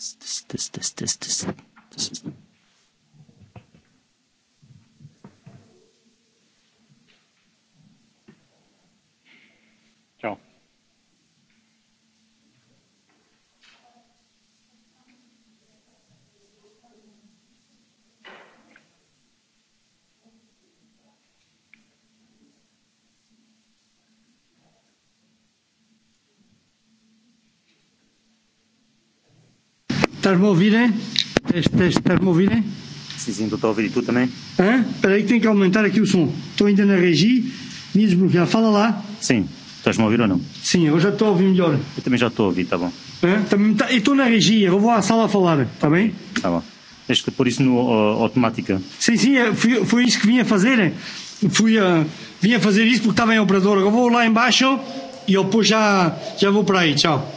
tss, tss, tss, tss, tss, tss. Termovine? Teste, teste, termovine? Sim, sim, estou a ouvir. Eh? E tu também? Hã? Espera aí que tem que aumentar aqui o som. Estou ainda na regi. Me desbloquear. Fala lá. Sim. Estás-me a ouvir ou não? Sim, eu já estou a ouvir melhor. Eu também já estou a ouvir, tá bom. É? Também tá, eu estou na regia, eu vou à sala a falar, está bem? Tá bom. Tens que pôr isso no, uh, automática. Sim, sim, fui, foi isso que vim a fazer. Fui a, uh, vim a fazer isso porque estava em operador. Eu vou lá embaixo e eu depois já, já vou para aí. Tchau.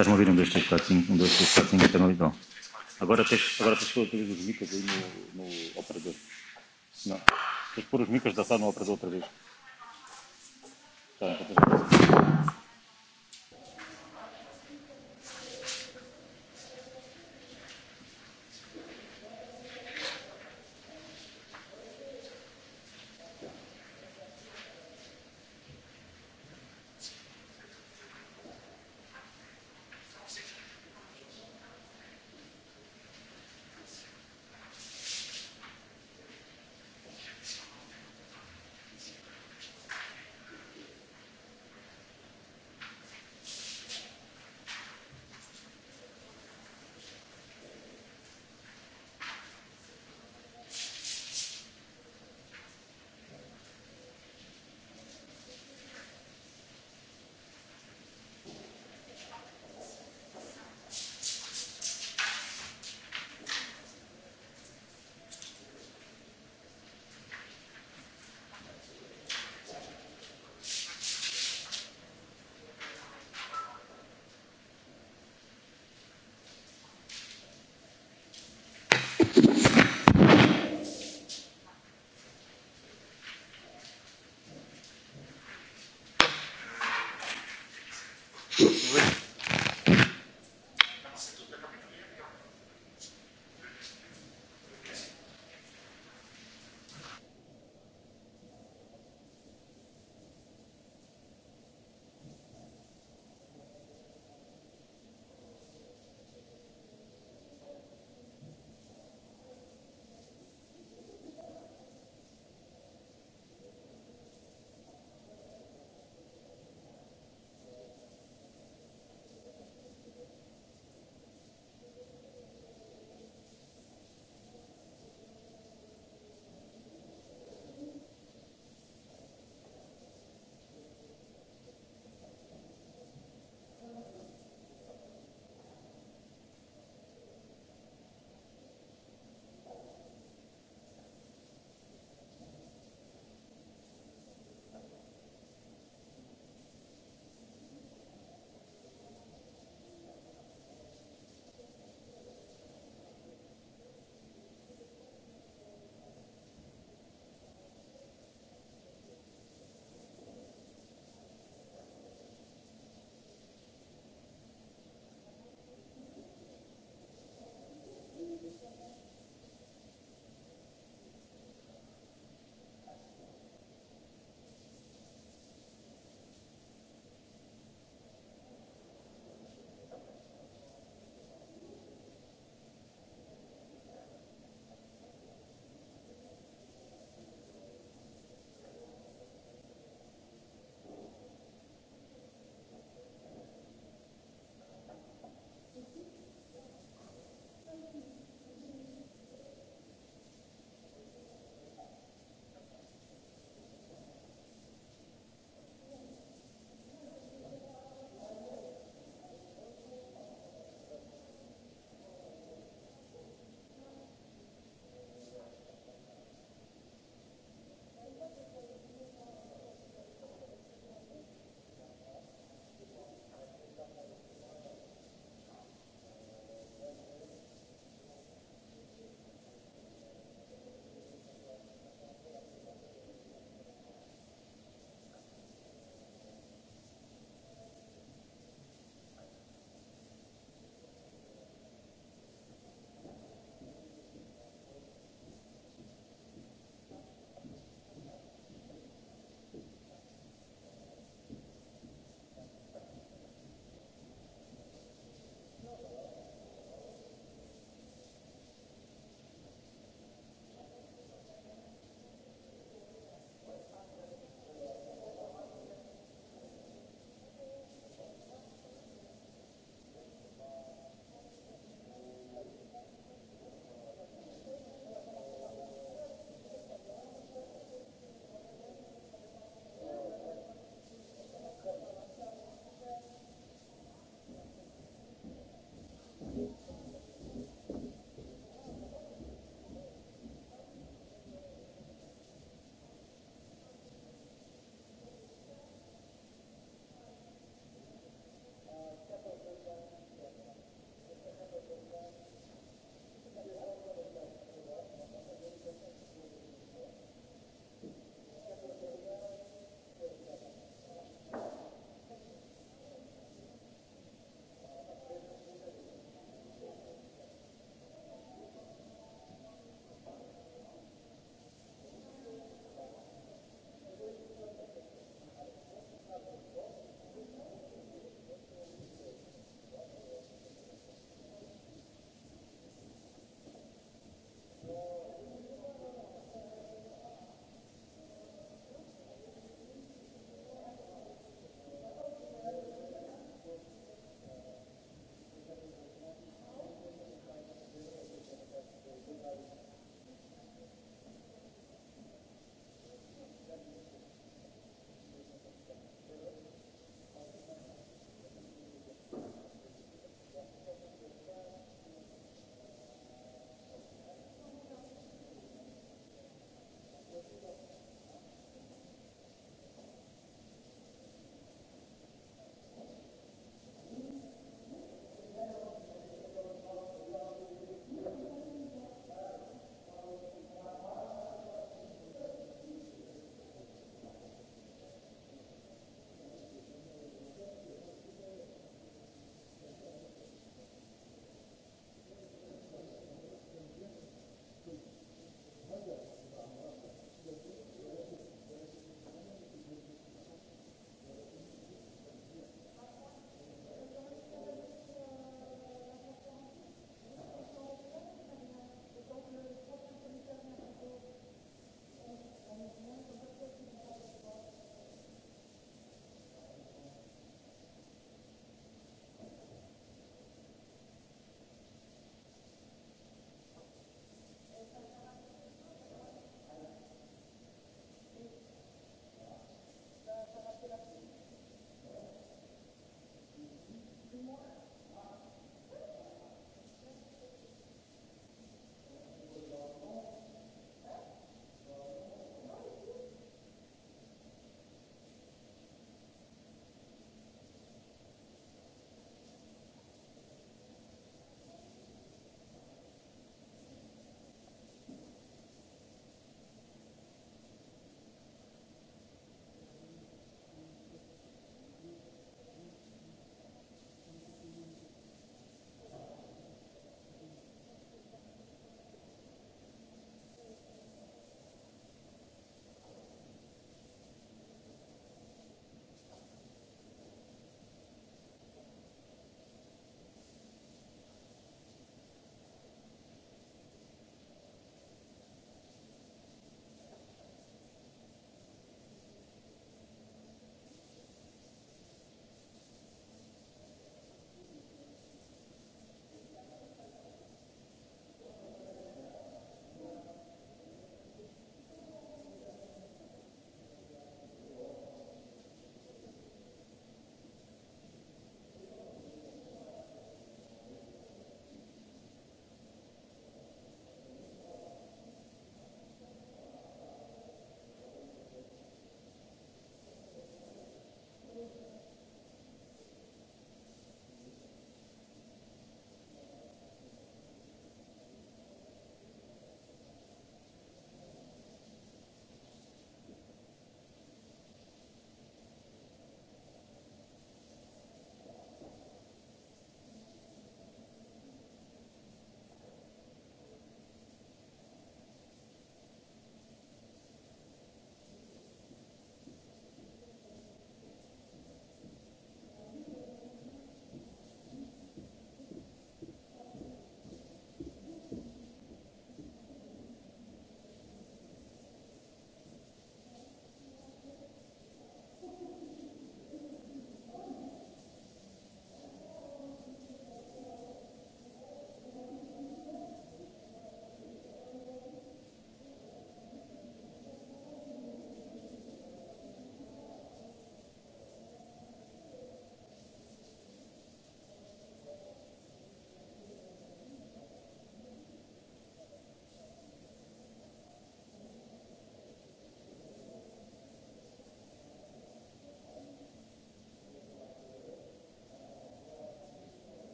Estás-me a ouvir? Um, dois, três, quatro, cinco. Um, dois, três, quatro, cinco. Estás-me a ouvir? Bom. Agora tens, agora tens que pôr outra vez os micas aí no, no operador. Não. Tens que pôr os micas da sala no operador outra vez. Good.